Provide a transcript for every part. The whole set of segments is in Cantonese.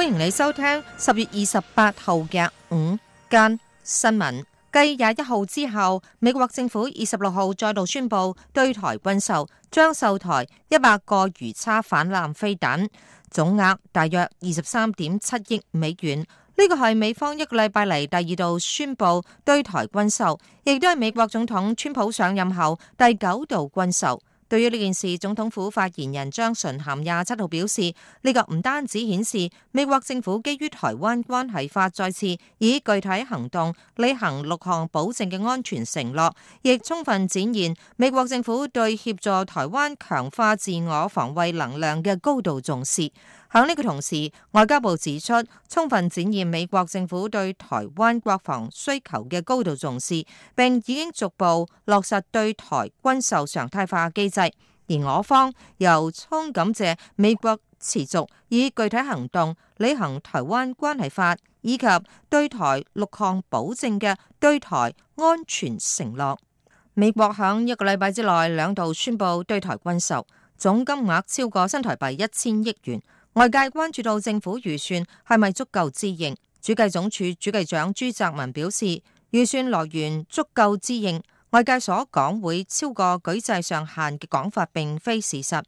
歡迎你收聽十月二十八號嘅午間新聞。繼廿一號之後，美國政府二十六號再度宣布對台軍售，將售台一百個魚叉反艦飛彈，總額大約二十三點七億美元。呢個係美方一個禮拜嚟第二度宣布對台軍售，亦都係美國總統川普上任後第九度軍售。對於呢件事，總統府發言人張惇涵廿七號表示：呢、這個唔單止顯示美國政府基於台灣關係法，再次以具體行動履行六項保證嘅安全承諾，亦充分展現美國政府對協助台灣強化自我防衛能量嘅高度重視。喺呢個同時，外交部指出，充分展現美國政府對台灣國防需求嘅高度重視，並已經逐步落實對台軍售常態化機制。而我方由衷感謝美國持續以具體行動履行《台灣關係法》，以及對台六項保證嘅對台安全承諾。美國響一個禮拜之內兩度宣布對台軍售，總金額超過新台幣一千億元。外界關注到政府預算係咪足夠支應，主計總處主計長朱澤民表示，預算來源足夠支應，外界所講會超過舉債上限嘅講法並非事實。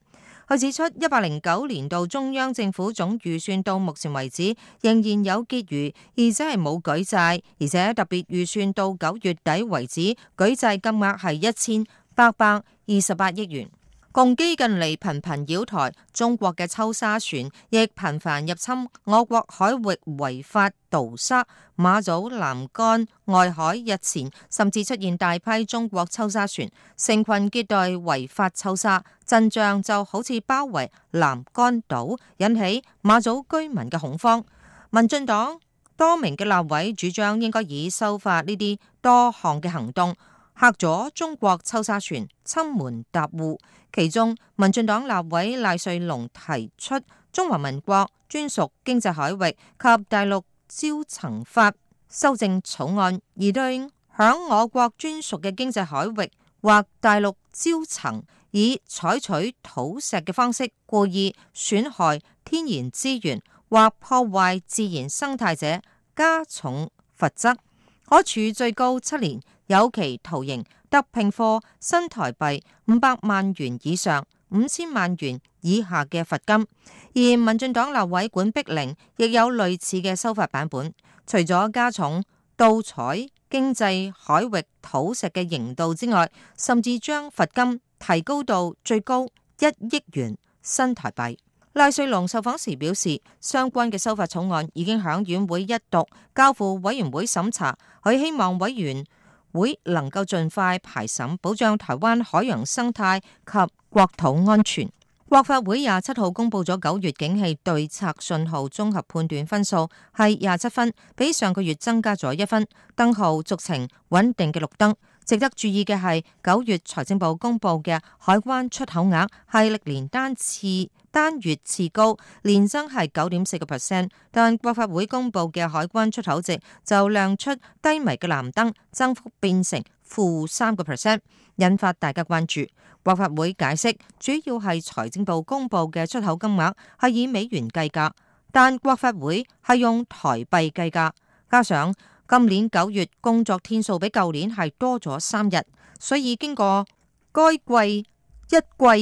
佢指出，一百零九年度中央政府總預算到目前為止仍然有結餘，而且係冇舉債，而且特別預算到九月底為止，舉債金額係一千八百二十八億元。共機近嚟頻頻繞台，中國嘅抽沙船亦頻繁入侵我國海域違法盜沙。馬祖南竿外海日前甚至出現大批中國抽沙船，成群結隊違法抽沙，陣仗就好似包圍南竿島，引起馬祖居民嘅恐慌。民進黨多名嘅立委主張應該以修法呢啲多項嘅行動。拍咗中國抽砂船，侵門踏戶。其中，民進黨立委賴瑞隆提出《中華民國專屬經濟海域及大陸礁層法》修正草案，而對響我國專屬嘅經濟海域或大陸礁層，以採取土石嘅方式故意損害天然資源或破壞自然生態者，加重罰則。可處最高七年有期徒刑，得併科新台幣五百萬元以上、五千萬元以下嘅罰金。而民進黨立委管碧玲亦有類似嘅修法版本，除咗加重盜採經濟海域土石嘅刑度之外，甚至將罰金提高到最高一億元新台幣。賴瑞隆受訪時表示，相關嘅修法草案已經響院會一讀，交付委員會審查。佢希望委員會能夠盡快排審，保障台灣海洋生態及國土安全。國發會廿七號公布咗九月景氣對策信號綜合判斷分數係廿七分，比上個月增加咗一分，燈號續呈穩定嘅綠燈。值得注意嘅係，九月財政部公布嘅海關出口額係歷年單次單月次高，年增係九點四個 percent，但國發會公布嘅海關出口值就亮出低迷嘅藍燈增幅變成負三個 percent，引發大家關注。國發會解釋主要係財政部公布嘅出口金額係以美元計價，但國發會係用台幣計價，加上今年九月工作天數比舊年係多咗三日，所以經過該季一季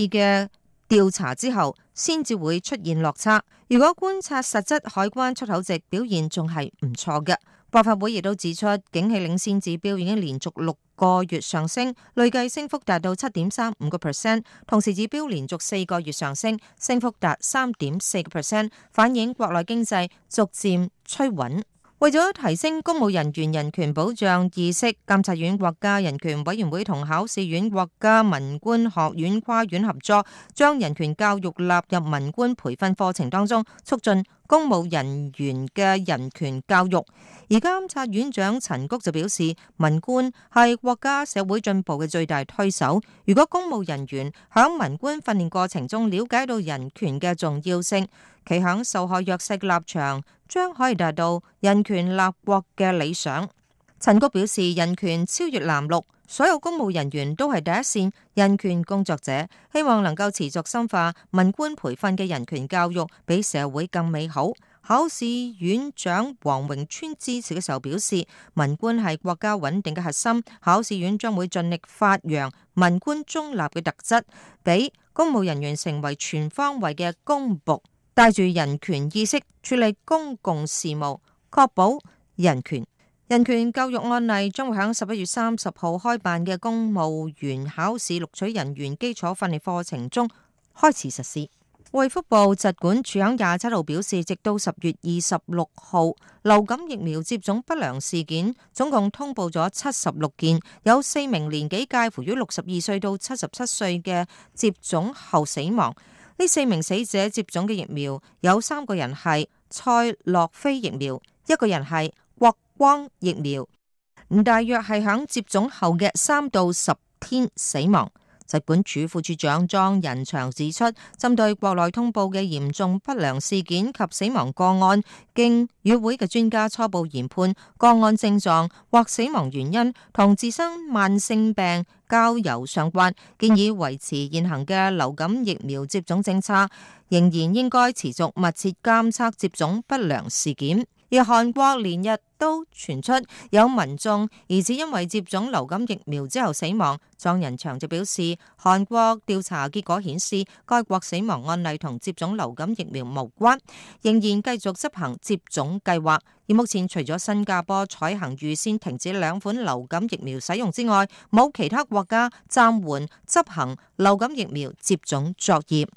嘅調查之後，先至會出現落差。如果觀察實質海關出口值表現，仲係唔錯嘅。國發會亦都指出，景氣領先指標已經連續六個月上升，累計升幅達到七點三五個 percent，同時指標連續四個月上升，升幅達三點四個 percent，反映國內經濟逐漸趨穩。為咗提升公務人員人權保障意識，監察院國家人權委員會同考試院國家文官學院跨院合作，將人權教育納入文官培訓課程當中，促進公務人員嘅人權教育。而監察院長陳菊就表示，文官係國家社會進步嘅最大推手。如果公務人員響文官訓練過程中了解到人權嘅重要性，其響受害弱勢立場，將可以達到人權立國嘅理想。陳菊表示，人權超越藍綠，所有公務人員都係第一線人權工作者，希望能夠持續深化文官培訓嘅人權教育，俾社會更美好。考試院長黃榮川致詞嘅時候表示，文官係國家穩定嘅核心，考試院將會盡力發揚文官中立嘅特質，俾公務人員成為全方位嘅公僕。帶住人權意識處理公共事務，確保人權。人權教育案例將會喺十一月三十號開辦嘅公務員考試錄取人員基礎訓練課程中開始實施。衛福部疾管署喺廿七號表示，直到十月二十六號，流感疫苗接種不良事件總共通報咗七十六件，有四名年紀介乎於六十二歲到七十七歲嘅接種後死亡。呢四名死者接種嘅疫苗有三個人係賽諾菲疫苗，一個人係國光疫苗，唔大約係響接種後嘅三到十天死亡。疾管署副署長莊人祥指出，針對國內通報嘅嚴重不良事件及死亡個案，經與會嘅專家初步研判，個案症狀或死亡原因同自身慢性病交有相關，建議維持現行嘅流感疫苗接種政策，仍然應該持續密切監測接種不良事件。而韓國連日都傳出有民眾疑似因為接種流感疫苗之後死亡，莊人祥就表示，韓國調查結果顯示該國死亡案例同接種流感疫苗無關，仍然繼續執行接種計劃。而目前除咗新加坡採行預先停止兩款流感疫苗使用之外，冇其他國家暫緩執行流感疫苗接種作業。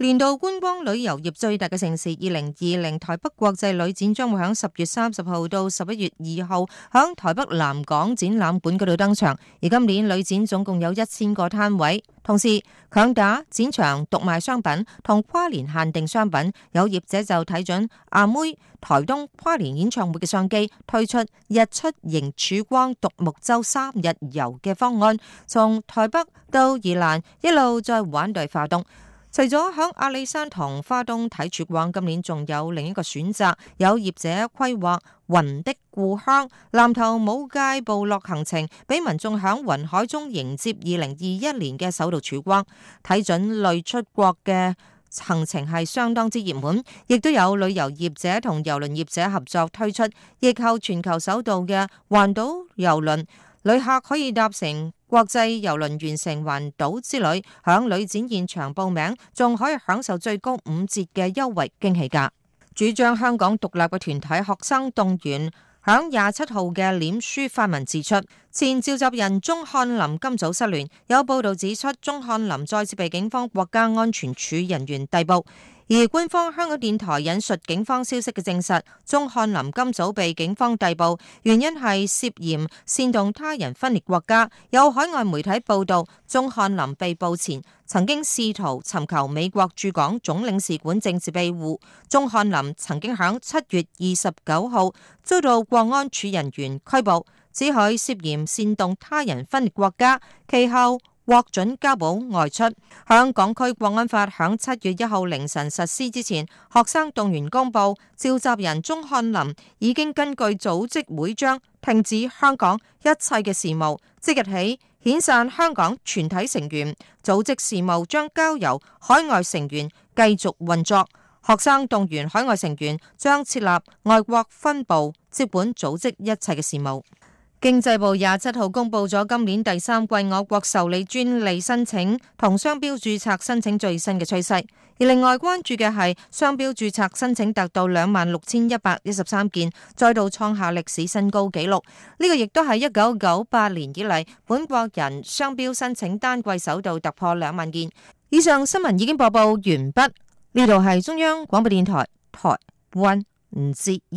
年度觀光旅遊業最大嘅城市，二零二零台北國際旅展將會喺十月三十號到十一月二號喺台北南港展覽館嗰度登場。而今年旅展總共有一千個攤位，同時強打展場獨賣商品同跨年限定商品。有業者就睇準阿妹台東跨年演唱會嘅商機，推出日出迎曙光獨木舟三日遊嘅方案，從台北到宜蘭一路再玩到花東。除咗響阿里山、同花東睇曙光，今年仲有另一個選擇，有業者規劃雲的故鄉南投武界部落行程，俾民眾響雲海中迎接二零二一年嘅首度曙光。睇準類出國嘅行程係相當之熱門，亦都有旅遊業者同郵輪業者合作推出疫後全球首度嘅環島郵輪。旅客可以搭乘國際郵輪完成環島之旅，響旅展現場報名，仲可以享受最高五折嘅優惠驚喜價。主張香港獨立嘅團體學生動員，響廿七號嘅臉書發文指出，前召集人鍾翰林今早失聯，有報道指出，鍾翰林再次被警方國家安全處人員逮捕。而官方香港電台引述警方消息嘅證實，鍾漢林今早被警方逮捕，原因係涉嫌煽動他人分裂國家。有海外媒體報道，鍾漢林被捕前曾經試圖尋求美國駐港總領事館政治庇護，鍾漢林曾經響七月二十九號遭到國安處人員拘捕，指佢涉嫌煽動他人分裂國家。其後，獲准交保外出。香港區國安法喺七月一號凌晨實施之前，學生動員公布，召集人鍾翰林已經根據組織會章，停止香港一切嘅事務。即日起，遣散香港全體成員，組織事務將交由海外成員繼續運作。學生動員海外成員將設立外國分部，接管組織一切嘅事務。經濟部廿七號公布咗今年第三季我國受理專利申請同商標註冊申請最新嘅趨勢，而另外關注嘅係商標註冊申請達到兩萬六千一百一十三件，再度創下歷史新高紀錄。呢個亦都係一九九八年以嚟，本國人商標申請單季首度突破兩萬件。以上新聞已經播報完畢，呢度係中央廣播電台台灣之音。